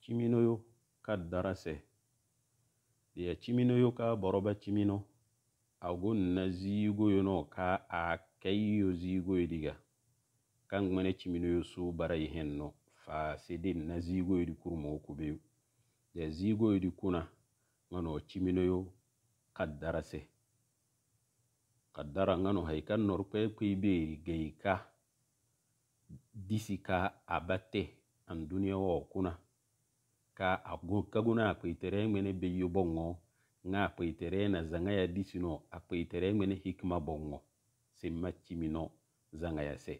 yo ka dara ciminoyo kaddarase diya yo ka boroba cimino agonna yo no ka a yo kayyo yo diga kan ŋmene ciminoyo su barayi henno fasidin na yo di kurmo kubeyu diya yo di kuna yo ka dara ŋano ciminoyo kaddarase kaddara ŋano haikan nor kwekwei beeri gei ka disi ka abate an duniya wo kuna ka a go kagu na a kpe tere ŋmene be yo bɔŋɔ ŋa a kpe tere na zaŋa ya disi nɔ a kpe tere ŋmene hikima bɔŋɔ se ma cimi nɔ zaŋa ya se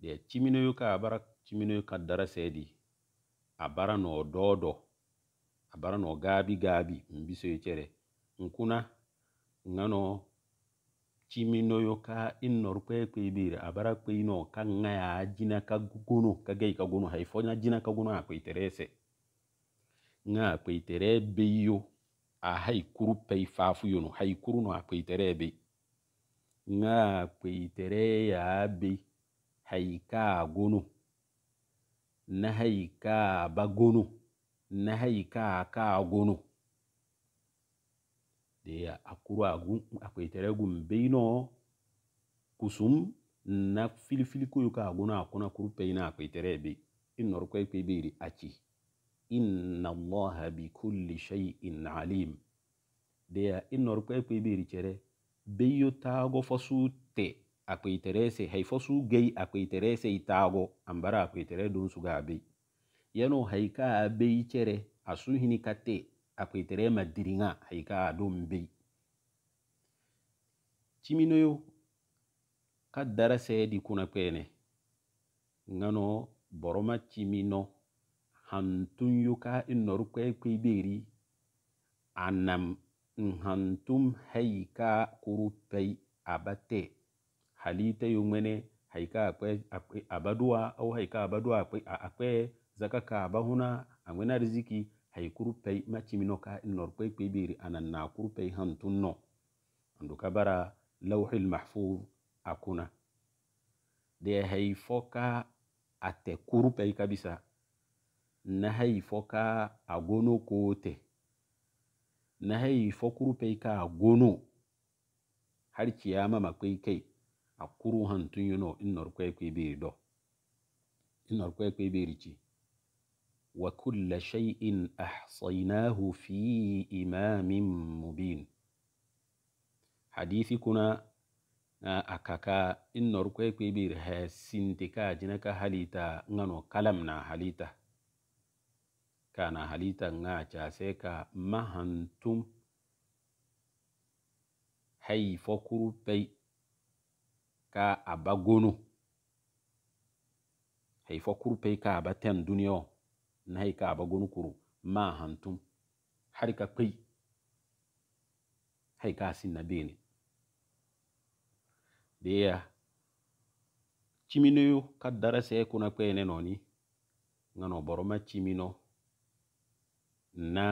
deɛ cimi nɔ yo ka a bara cimi nɔ yo ka dara sɛ di a bara nɔ dɔɔ dɔ a bara nɔ gaabi gaabi n bi so yi kyɛrɛ n kuna ŋa nɔ cimi noyo ka nor kwe bire abara kwe ino ka ya jina ka gono ka gei ka gono hay fonya jina ka gugunu akwe iterese nga akwe iterebe yu a haikuru kuru pei haikuru no akwe iterebe nga akwe itere ya abi haika gugunu gono na haika bagunu ba gono na haika ka ka gono de akuru agu akwetere gumbeino kusum na filifili kuyu ka aguna akuna kuru peina akwetere be innor ko kwe beri achi inna allaha bi kulli shay'in alim de innor kwe kwe beri chere beyo tago fosu te akwetere se hay fosu gei akwetere se itago ambara akwetere don suga be yano haika be chere asuhini kate ma madiringa haika dombe yo ka darase di kuna kwene ngano boroma cimino hantun yuka innoru kwe kwiberi anam nhantum haika pei abate halite yungmene haika abadua au haika abadua akwe zakaka abahuna angwena riziki hay kurpey macimino ka ilnorpey kpey biri anan na kurpey hantun no andu ka bara lawhil mahfuz akuna de hay fo ka ate kurpey kabisa na hay fo ka agono kote na hay fo kurpey ka agono har ciyama makpey key a kuru hantun yuno ilnorpey kpey in nor ilnorpey kpey biri ci وكل شيء أحصيناه في إمام مبين حديث كنا أكاكا إن ركوي كبير سنتكا جنكا حليتا نانو كلامنا حليتا كان حليتا ناچا سيكا مهنتم هي فكرو بي كا أبغونو هي فكرو بي كا أبتن دنيو Na haika ba gonu kuro ma hantum har ka kai hai sin na bene deya ciminoyo ka darase kuna kwene noni ngano boroma cimino na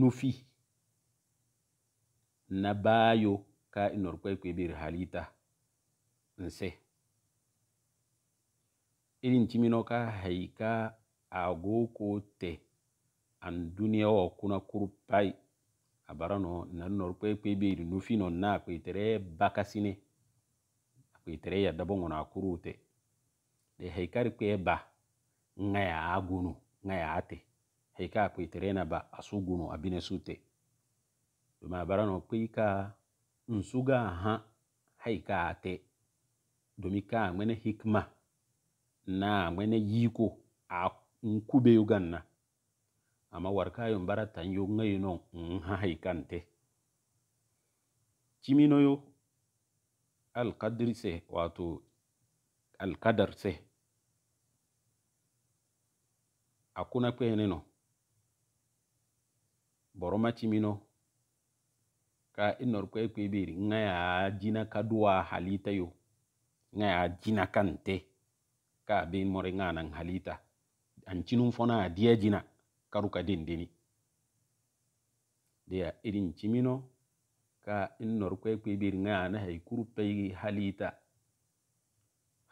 nufi na bayo ka inor kwekwe bir halita nse irin cimino ka haika ago ko te an duniya o kuna kurupai abarano nan nor kwe kwe beri nufi non na kwe tere bakasine kwe tere ya a ngona kurute de haikari kwe ba ngaya ya ngaya ate haika kwe tere na ba asugunu abine sute duma abarano kwe ka nsuga ha haika ate domika ngwene hikma na ngwene yiiko. ako yu ganna amma warkayo mbara tan yo ngayo non nhahay kante ciminoyo alkadri se wato alkadar se akuna kweneno boroma cimino ka inor kwe kwe biri ngaya jina kadua halita yo ngaya jina kante ka bin more ngana halita ancinum fona a diyajina karuka dindini de a irin cimino ka in norkwe kwibir ŋa na hay kuru pey halita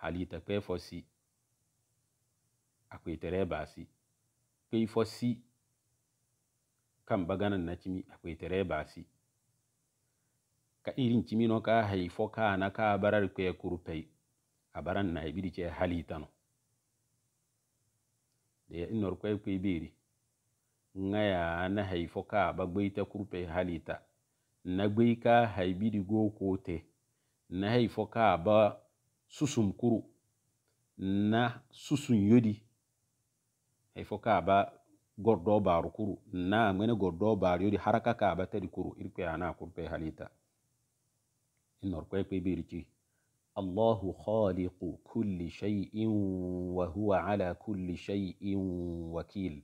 halita kwe fo si akwitere basi kwey fo si kam baganan na cimi akwitere basi ka irin cimino ka hay fo kana ka barar kwe kuru pey abaran na ibidice halitano ya inor kwai kwai biri ngaya na haifo ka bagbai ta kurpe halita na gbai ka haibidi go kote na haifo ka ba susum kuru na susun yodi haifo ka ba gordo baru kuru na ngene gordo baru yodi haraka ka ba tadi kuru irpe ana kurpe halita inor kwai kwai biri ki. Allahu khaliqu kulli shay'in wa huwa ala kulli shay'in wakil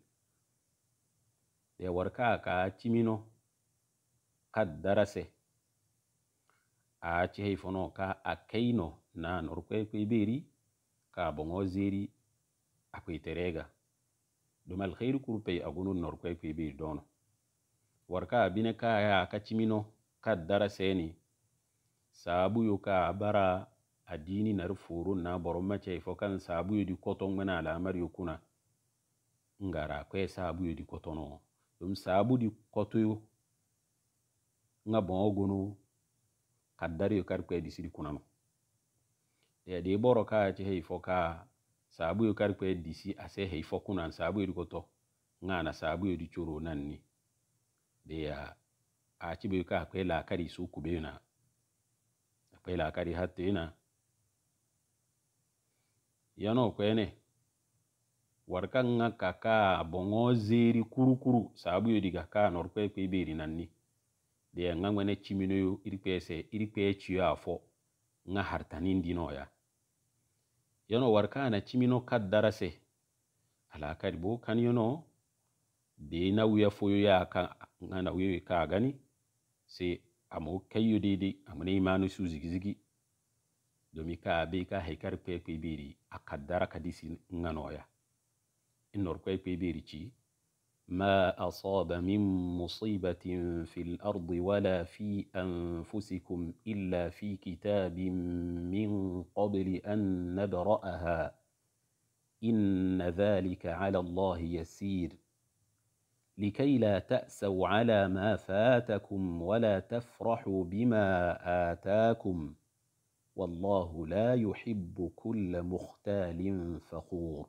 de warka ka cimino kaddarase a cehey fono ka a na norkoy beri ka bongo zeri akoy terega ɗum alheyru kurpey agunun norkoy koy beri dono warka bine kaya ka cimino kaddara seni sabuyo ka bara addini nar furu na boroma chai kan sabu yodi koto ngana alamar yokuna ngara kwe sabu yodi koto no dum sabu di koto yo nga bon gono kaddari yo kar disi di sidi kunano de de boro ka che hei ka sabu yo kar kwe di si ase hei fokunan sabu yodi koto ngana sabu yodi choro nanni de ya a cibe ka akwai lakari su kube na akwai lakari hatta yana yano kwene warkan nga kaka bongo kuru kurukuru sabu yo diga ka norkwe kwe beri nanni de nga ngwene chimino yo irikpese irikpe chiyo afo nga hartanin dino ya yano warka na chimino kadara se alakari bo kan yono de na wuya foyo ya ka nga na uya ka gani se amo kayo dede ne imanu su zigizigi domin ka be ka haikar kwe kwe beri a kaddara nganoya inor kwe kwe ما أصاب من مصيبة في الأرض ولا في أنفسكم إلا في كتاب من قبل أن نبرأها إن ذلك على الله يسير لكي لا تأسوا على ما فاتكم ولا تفرحوا بما آتاكم والله لا يحب كل مختال فخور